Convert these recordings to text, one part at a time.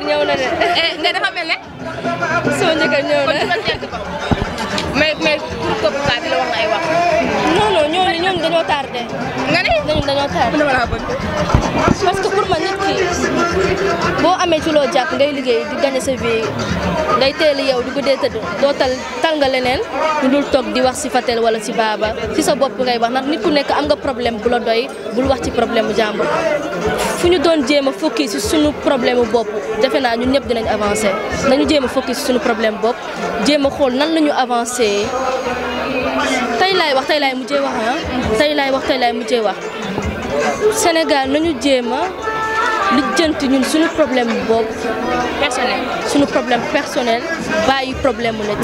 jëkkër ñëw na de. Eh, eh, nga dafa mel ne. soo jëkkër ñëw na mais mais pour kooku bi la wax na ay wax. non non ñooñu ñoom dañoo tardé. nga ne ñoom dañoo tardé. parce que amee loo jàpp ngay liggéey di gagné sa teel yow di guddee tëdd doo tal tal nga leneen lu dul di wax si Fatel wala si Baba si sa bopp ngay wax ndax nit ku nekk am nga problème bu la doy bul wax ci problème mu jàmbur fu ñu doon jéem a fukki si suñu problème mu bopp defe naa ñun ñëpp dinañ avancer nañu jéem a fukki si suñu problème bopp jéem a xool nan la ñu avancer tey laay wax tey laay mujjee wax ah. tey laay wax tey laay mujjee wax Sénégal nañu jéem lijjanti ñun suñu problème boobu. personnel suñu problème personnel bàyyi problème mu nit.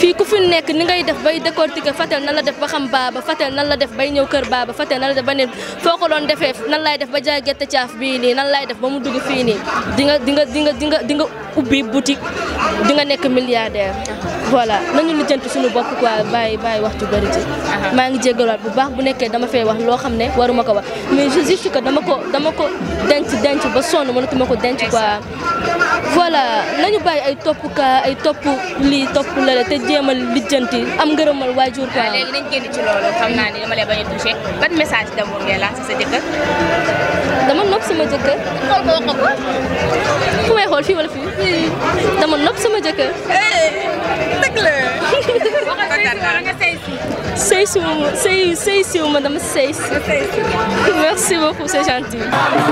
fii ku fi nekk ni ngay def bay décortiquer Fatel nan la def ba xam baaba Fatel nan la def bay ñëw kër baaba Fatel nan la def ba ne foo ko doon defee nan laay def ba jaay gerte caaf bii nii nan laay def ba mu dugg fii nii di nga di nga di nga di nga di nga ubbi boutique di nga nekk milliardaire. voilà ñu lijjanti suñu bopp quoi bàyyi bàyyi waxtu bëri ci. maa ngi jéggalaat bu baax bu nekkee dama fay wa loo xam ne waruma ko wax denc denc ba sonn mënatuma ko denc quoi voilà nañu bàyyi ay topp ka ay topp lii topp lale te jéem lijjanti am ngërëmal waajur quoi. waaw léegi nañ génn ci loolu xam naa ne dama lay a dama nopp sama jëkkër. dama nopp sama jëkkër. dëgg sëy si ma sëy dama sëy si. merci beaucoup c'est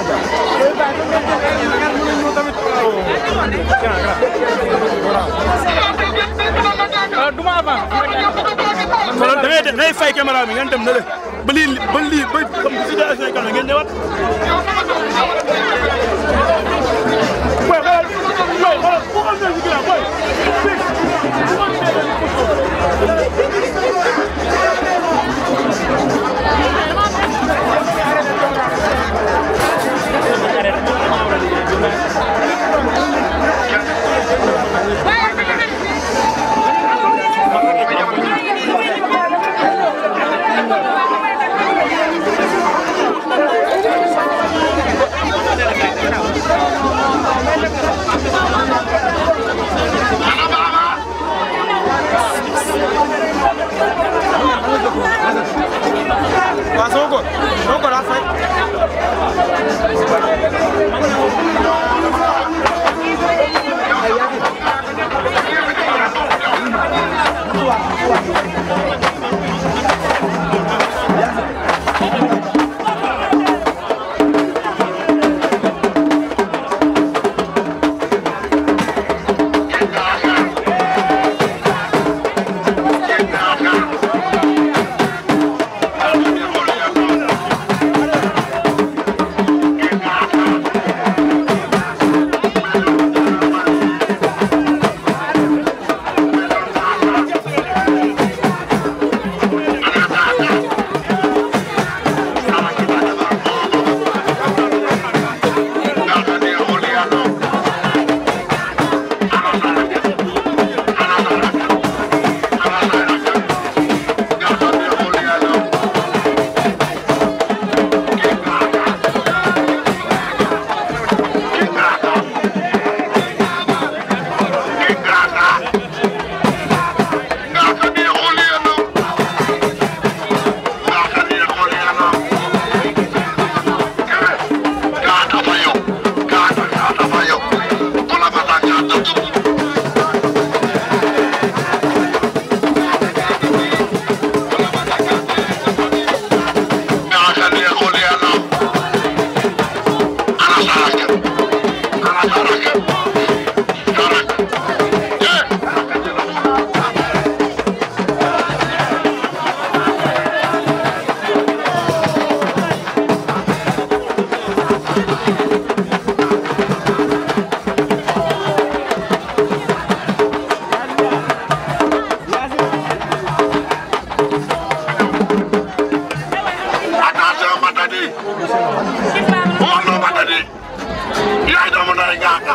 da ngay da ngay fay caméra bi ngeen dem na le ba lii ba lii ba comme situation yi ngeen ñëwaat Sonko daa fay moom noo ma tëddi yaay doomu ndey ngaaka